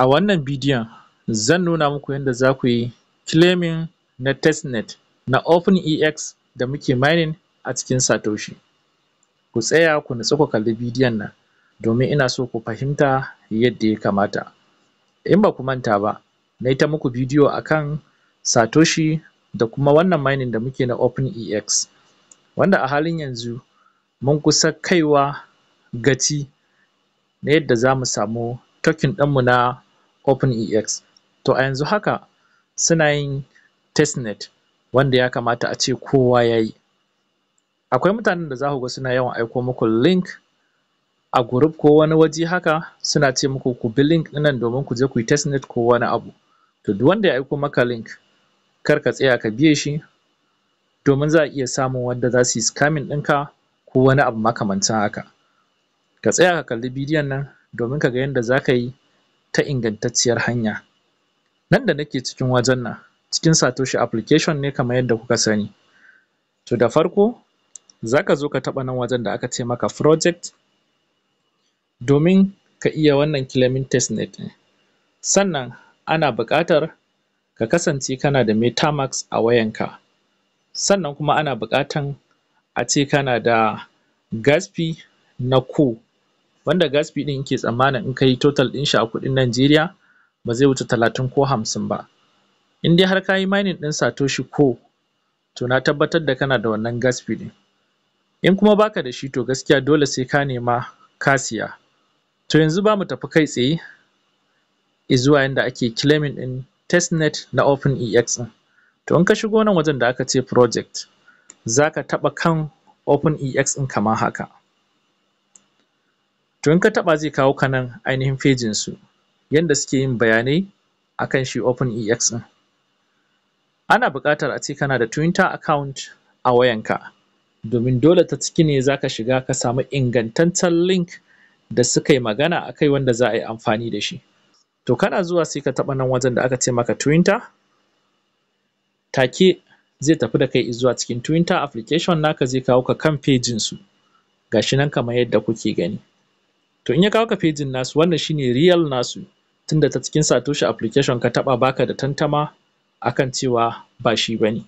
A wannan bidiyon zan nuna muku yadda za ku yi claiming na testnet na OpenEX da muke mining a cikin Satoshi. Ku tsaya ku natsu ku kalli bidiyon nan domin ina so ku fahimta yadda ya kamata. In ba ku manta ba, na yi ta muku bidiyo a kan Satoshi da kuma wannan mining da muke na OpenEX, wanda a halin yanzu mun kusa kaiwa gaci na yadda za mu samu token ɗinmu na OpenEX. To a yanzu haka suna yin testnet wanda ya kamata a ce kowa ya yi. Akwai mutanen da za ku ga suna yawan aiko muku link a group ko wani waje haka suna ce muku ku bi link ɗin nan domin ku je ku yi testnet ko wani abu. To duk wanda ya aiko maka link kar ka tsaya ka biye shi domin za a iya samun wanda za su yi scamming ɗinka ko wani abu makamancin haka. Ka tsaya ka kalli bidiyon nan domin ka ga yadda za ka yi ta ingantacciyar hanya nan da nake cikin wajen nan cikin satoshi application ne kamar yadda kuka sani to da farko zaka zo ka taɓa nan wajen da aka ce maka project domin ka iya wannan claiming testnet ɗin sannan ana buƙatar ka kasance kana da metamask a wayanka sannan kuma ana buƙatan a ace kana da gaspi na co wanda gas fee ɗin yake tsammanin in yi total ɗin shi a kuɗin Najeriya ba zai wuce talatin ko hamsin ba in dai har ka yi mining ɗin satoshi ko to na tabbatar da kana da wannan gas fee ɗin in kuma baka da shi to gaskiya dole sai ka nema kasiya. to yanzu mu tafi kai tsaye izuwa yanda ake claiming ɗin testnet na OpenEX ɗin to in ka shigo nan wajen da aka ce project ka taɓa kan OpenEX ɗin kamar haka to in ka taɓa zai kawo ka nan ainihin fejin su yanda suke yin bayanai akan shi OpenEX ɗin ana buƙatar a ce kana da Twitter account a wayanka domin dole ta ciki ne za ka shiga ka samu ingantaccen link da suka yi magana akai wanda za a yi amfani da shi to kana zuwa sai ka taɓa nan wajen da aka ce maka Twitter take zai tafi da kai izuwa cikin Twitter application naka zai kawo ka kan fejin su ga shi nan kamar yadda kuke gani to in ya kawo ka fejin nasu wannan shine real nasu tunda ta cikin satoshi application ka taba baka da tantama akan cewa ba shi bane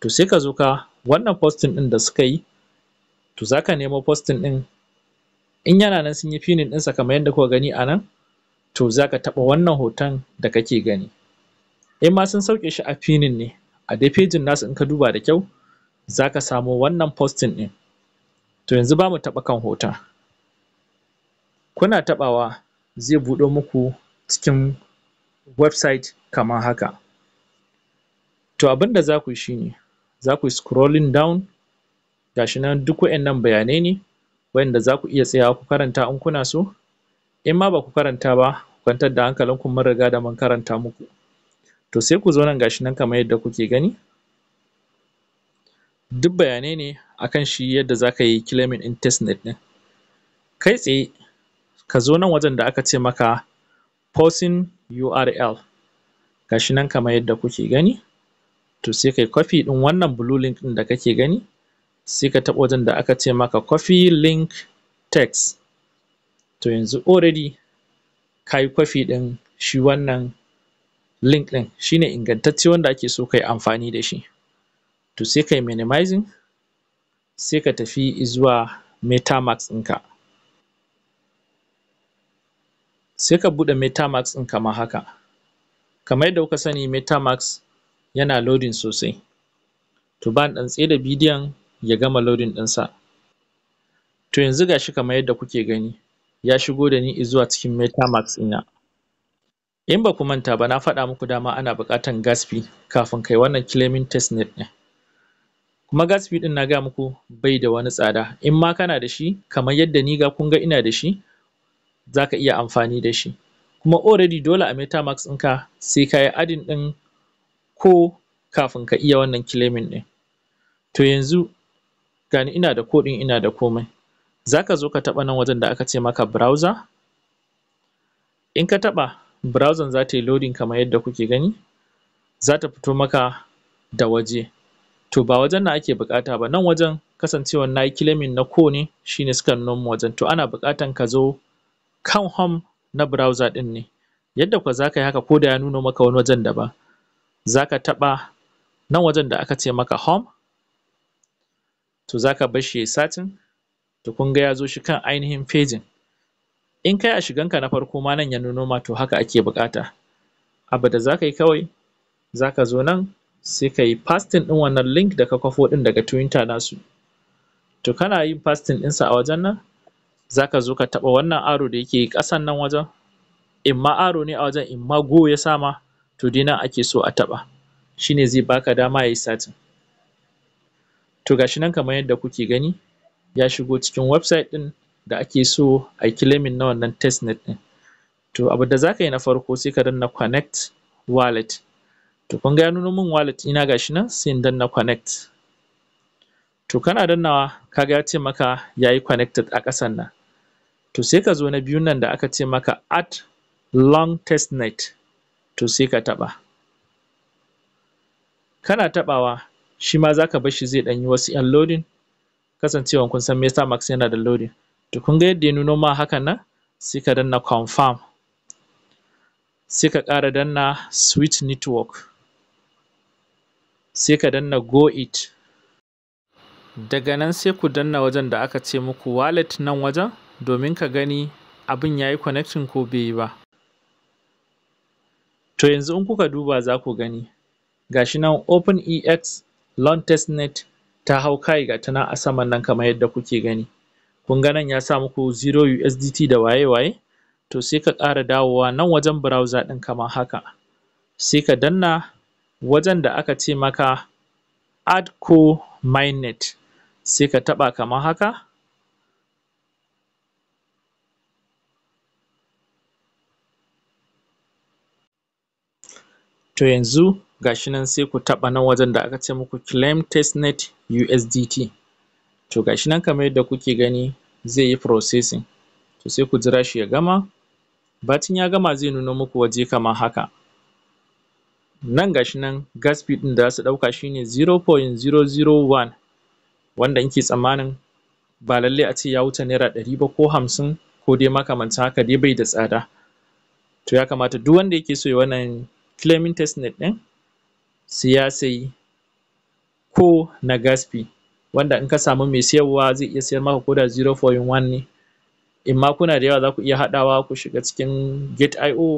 to sai ka zo ka wannan posting ɗin da suka yi to zaka nemo posting ɗin? in yana nan sun yi pinin ɗinsa kamar yadda kuka gani a nan to zaka taɓa wannan hoton da kake gani in ma sun sauke shi a pinin ne a dai fejin nasu in ka duba da kyau zaka samo wannan posting ɗin to yanzu ba mu taɓa kan hoton kuna taɓawa zai buɗo muku cikin website kamar haka to abinda ku yi shi ne, za ku yi scrolling down shi nan duk wa'innan bayanai ne za ku iya tsayawa ku karanta in kuna so in ma ba ku karanta ba ku kwantar da hankalinku mun riga da mun karanta muku to sai ku zo nan shi nan kamar yadda kuke gani duk bayanai ne akan shi yadda za ka yi claiming in testnet ɗin kai tsaye ka zo nan wajen da aka ce maka posting URL ga shi nan kamar yadda kuke gani to sai kai copy ɗin wannan blue link ɗin da kake gani sai ka taɓa wajen da aka ce maka copy link text to yanzu already ka yi copy ɗin shi wannan link ɗin shine ingantacce wanda ake so ka yi amfani da shi to sai kai minimizing sai ka tafi izuwa metamask ɗinka sai ka buɗe Meta Max ɗin kamar haka kamar yadda kuka sani Meta Max yana loading sosai to bari ɗan tsaida bidiyon ya gama loading ɗinsa to yanzu gashi kamar yadda kuke gani ya shigo da ni izuwa cikin Max ɗina in ba ku manta ba na faɗa muku dama ana buƙatar gas fee kafin kai wannan claiming net ɗin kuma gas fee ɗin na gaya muku bai da wani tsada in ma kana da shi kamar yadda ni ga kun ga ina da shi za ka iya amfani da shi kuma already dole a metamask ɗinka sai ka yi adin ɗin ko kafin ka iya wannan claiming ɗin to yanzu gani ina da koɗin, ina da komai za ka zo ka taɓa nan wajen da aka ce maka browser in ka taɓa browser za ta yi loading kamar yadda kuke gani za ta fito maka da waje to ba wajen nan ake buƙata ba nan wajen kasancewar na yi claiming na ko ne shine suka nuna wajen to ana buƙatan ka zo kan hom na browser ɗin ne yadda kuwa za ka yi haka ko da ya nuna maka wani wajen da ba? za ka taɓa nan wajen da aka ce maka hom? to za ka bar shi ya yi satin, to kun ga ya zo shi kan ainihin fejin in kai a shiganka na farko ma nan ya nuno ma to haka ake buƙata abu da za ka yi kawai za ka zo nan sai ka yi fastin ɗin wannan link da ka kwafo ɗin daga twitter nasu to kana yin fastin ɗinsa a wajen nan zaka zo ka taɓa wannan aro da yake ƙasan nan wajen In ma aro ne a wajen in ma go ya sama to dai nan ake so a taɓa Shi ne zai baka dama yayi searching to ga shi nan kamar yadda kuke gani ya shigo cikin website ɗin da ake so ayi claiming na wannan testnet ɗin to da zaka yi na farko sai ka danna connect wallet to kun ga ya nuno min wallet ga shi nan sai in danna connect to kana dannawa kaga yace maka yayi connected a ƙasan nan to sai ka zo na biyun nan da aka ce maka at long test net to sai ka taɓa kana taɓawa shi ma za ka bar shi zai ɗanyi wasu ‘yan loading kasancewan kun san mesa Max yana da loading to kun ga yadda ya nuno ma hakan nan sai ka danna confirm sai ka ƙara danna switch network sai ka danna go it daga nan sai ku danna wajen da aka ce muku wallet nan wajen domin ka gani abin ya yi connecting ko bai yi ba. To yanzu in kuka duba za ku gani, gashi nan OpenEX Launch Testnet ta hau kai ga ta a saman nan kamar yadda kuke gani. Kun ga nan ya sa muku 0 USDT da waye-waye, to sai ka ƙara dawowa nan wajen browser ɗin kamar haka. Sai ka danna wajen da aka ce maka ko Mainnet, sai ka taɓa kamar haka. to yanzu gashi nan sai ku taɓa nan wajen da aka ce muku claim Net USDT to gashi nan kamar yadda kuke gani zai yi processing to sai ku jira shi ya gama bacin ya gama zai nuno muku waje kamar haka nan gashi nan gas fee ɗin da za su ɗauka shine one, wanda nike tsammanin ba lallai a ce ya wuce naira ɗari ba ko hamsin ko dai makamancin haka dai bai da tsada to ya kamata duk wanda yake so ya wannan claiming testnet ɗin siyasai ko na gasfi wanda in ka samu mai siyarwa zai iya siyar maka ko da 0.1 ne in ma kuna da yawa za ku iya haɗawa ku shiga cikin gate.io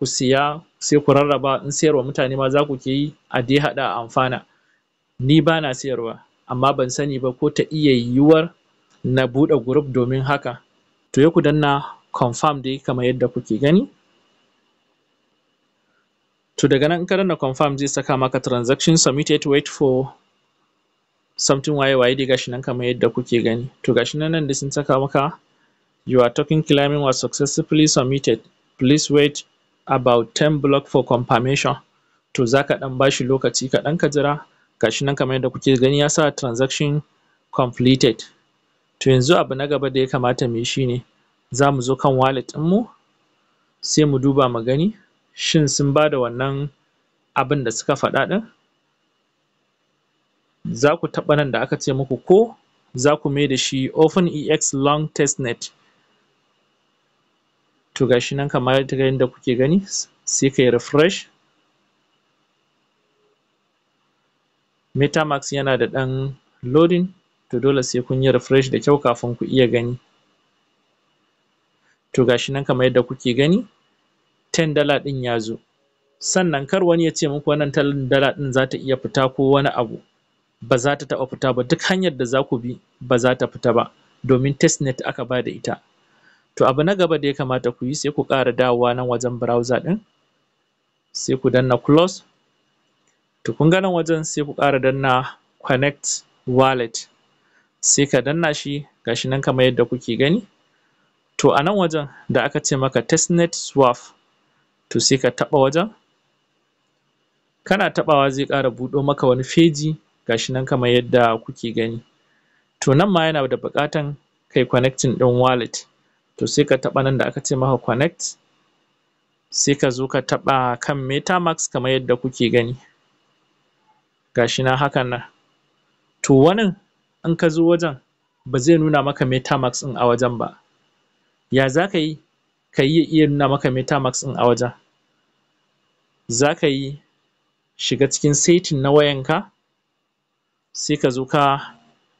ku siya sai ku rarraba in siyarwa mutane ma za ku ke yi a dai haɗa a amfana ni ba na siyarwa amma ban sani ba ko ta iya yiwuwar na buɗe group domin haka to ya ku danna confirm dai kamar yadda kuke gani to daga nan in ka danna confirm zai saka maka transaction submitted wait for something waye waye dai gashi nan kamar yadda kuke gani to gashi nan nan da sun saka maka you are talking claiming was successfully submitted please wait about 10 block for confirmation to zaka dan bashi lokaci ka dan ka jira gashi nan kamar yadda kuke gani ya sa transaction completed to yanzu abu na gaba da ya kamata mu yi shine za mu zo kan wallet ɗinmu sai mu duba mu gani shin sun bada wannan abin da suka faɗa ɗin? za ku taɓa nan da aka ce muku ko za ku da shi open ex long test net? to ga shi nan kamar yadda kuke gani sai kai refresh metamask yana da ɗan loading to dole sai kun yi refresh da kyau kafin ku iya gani to ga shi nan kamar yadda kuke gani Ten dala ɗin ya zo sannan kar wani ya ce muku wannan 10 dala ɗin za ta iya fita ko wani abu ba za ta taɓa fita ba duk hanyar da za ku bi ba za ta fita ba domin testnet aka ba da ita to abu na gaba da ya kamata ku yi sai ku ƙara dawowa nan wajen browser ɗin sai ku danna close to kun ga nan wajen sai ku ƙara danna connect wallet sai ka danna shi gashi nan kamar yadda kuke gani to a nan wajen da aka ce maka testnet swap to sai ka taɓa wajen kana taɓawa zai ƙara buɗo maka wani feji gashi nan kamar yadda kuke gani to nan ma yana da buƙatan kai connecting ɗin wallet to sai ka taɓa nan da aka ce maka connect sai ka zo ka taɓa kan metamask kamar yadda kuke gani gashi nan hakan nan to wanin in ka zo wajen ba zai nuna maka metamask ɗin a wajen ba ya za ka yi ka yi iya nuna maka Max ɗin a wajen za ka yi shiga cikin setting na ka, sai ka zo ka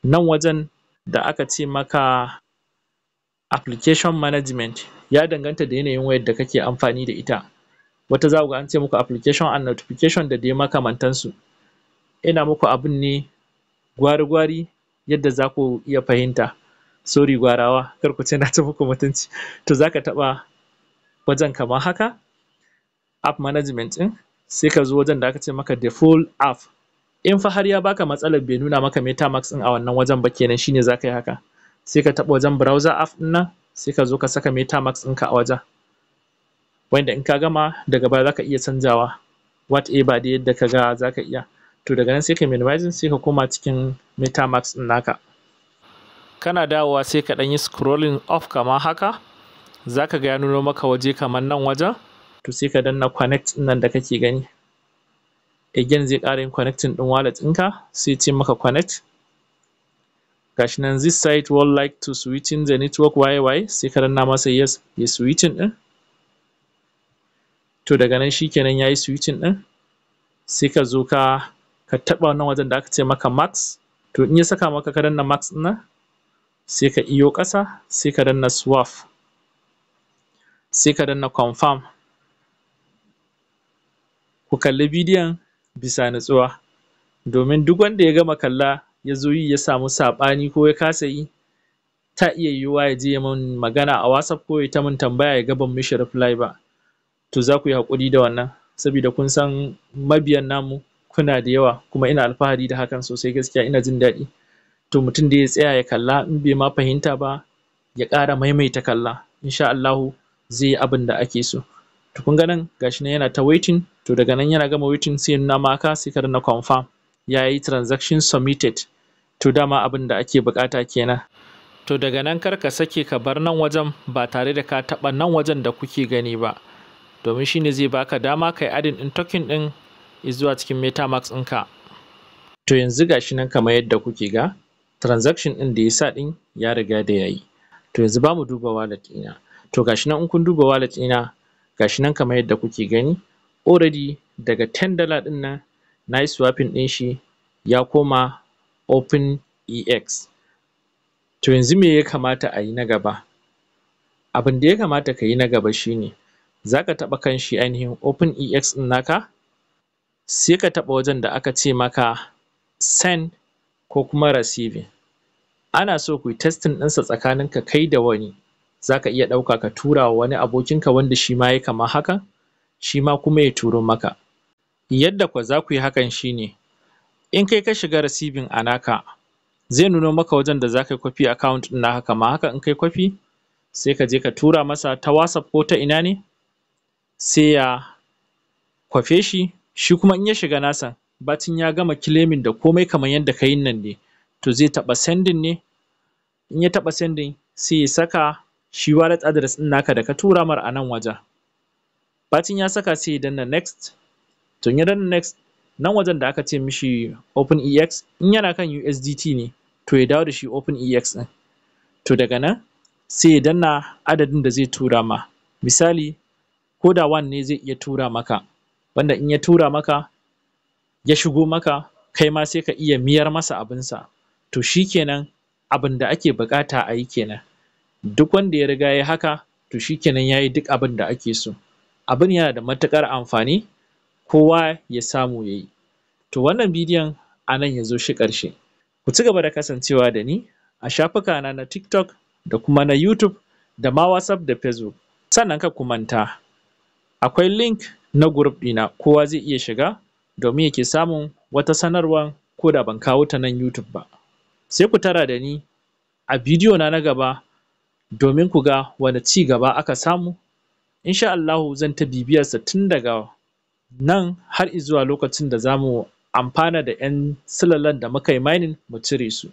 nan wajen da aka ce maka application management ya danganta da yanayin wayar da kake amfani da ita wata za ku ga an ce muku application and notification da dai makamantansu ina muku abun ne gwari-gwari yadda za ku iya fahimta. sorry gwarawa kar ku ce na tafi muku mutunci to zaka taba wajen kamar haka app management ɗin sai ka zo wajen da aka ce maka default full app in fa har ya baka matsalar bai nuna maka meta metamax din a wannan wajen ba kenan shine zaka yi haka sai ka taɓa wajen browser app din nan sai ka zo ka saka metamax ka a wajen wanda in ka gama daga baya zaka iya canjawa whatever da yadda ka ga zaka iya to daga nan sai ka minimizing sai ka koma cikin metamax din naka kana dawowa sai ka ɗan yi scrolling off kama haka za ka ga nuno maka waje kamar nan wajen to sai ka danna connect nan da kake gani again zai ƙara yin connecting ɗin wallet ɗinka sai ce maka connect gashi nan this site would like to in the network yy sai ka danna masa yes ya switching ɗin to daga nan shikenan yi switching ɗin sai ka zo ka ka taɓa wannan wajen da aka ce maka max to in ya saka maka ka danna max ɗin nan sai ka iyo ƙasa sai ka danna swaf sai ka danna confirm ku kalli bidiyon bisa natsuwa domin duk wanda ya gama kalla ya zo yi ya samu saɓani ko ya kasa yi ta iya yiwuwa ya je ya min magana a whatsapp ko ya ta min tambaya ya ga ban mishi reply ba to za ku yi haƙuri da wannan sabida kun san mabiyan namu kuna da yawa kuma ina alfahari da hakan sosai gaskiya ina jin daɗi to mutum da ya tsaya ya kalla in bai ma fahimta ba ya ƙara maimaita kalla insha Allahu zai yi abin da ake so to kun ga nan gashi nan yana ta waiting to daga nan yana gama waiting sai nama nuna maka sai ka na confirm yi transaction submitted to dama abin da ake buƙata kenan to daga nan kar ka sake ka bar nan wajen ba tare da ka taɓa nan wajen da kuke gani ba domin shine zai baka dama kai adin ɗin token ɗin zuwa cikin metamax ɗinka to yanzu gashi nan kamar yadda kuke ga transaction ɗin da ya sa ɗin ya riga da ya yi to yanzu ba mu duba wallet ɗina to gashi nan in kun duba wallet ɗina gashi nan kamar yadda kuke gani already daga ten dollar ɗin nan na yi swapping ɗin shi ya koma open ex to yanzu me ya kamata a yi na gaba abin da ya kamata ka yi na gaba shine za ka taɓa kan shi ainihin open ex ɗin naka sai ka taɓa wajen da aka ce maka send ko kuma receiving ana so kuyi testing ɗinsa tsakanin ka kai da wani zaka iya ɗauka ka tura wa wani abokinka wanda shima yayi kamar haka shima kuma ya turo maka yadda kwa ku yi hakan shi ne. in kai ka shiga receiving a naka zai nuno maka wajen da yi copy account ɗin naka kamar haka in kai copy sai ka je ka tura masa ta whatsapp ko ta ina ne sai ya kwafe shi shi kuma in ya shiga nasa bacin ya gama claiming da komai kamar yadda kayin nan ne to zai taɓa sending ne in ya taɓa sendin sai ya saka shi wallet address ɗin naka da ka tura mar a nan wajen bacin ya saka sai ya danna next to in ya danna next nan wajen da aka ce mishi open E-X, in yana kan USDT ne to ya dawo da shi open E-X ɗin to daga nan sai ya danna adadin da zai tura ma misali ko da one ne zai iya tura maka wanda in ya tura maka ya shigo maka kai ma sai ka iya miyar masa abinsa to shi kenan abin da ake buƙata yi kenan duk wanda ya riga yi haka to shi kenan ya yi duk abin da ake so Abin yana da matukar amfani kowa ya samu ya yi, to wannan bidiyon a nan ya zo shi ƙarshe ku ci gaba da kasancewa da ni? a shafuka na tiktok da kuma na youtube da ma whatsapp da facebook sannan ka ku manta akwai link na group ɗina kowa zai iya shiga domin yake samun wata sanarwa ko da ban kawo ta nan youtube ba Sai ku tara da ni a bidiyo na na gaba domin ku ga wani ci gaba aka samu. Insha Allahu zan ta bibiyarsa tun daga nan har izuwa lokacin da za mu amfana da ‘yan silalan da muka yi mining mu cire su.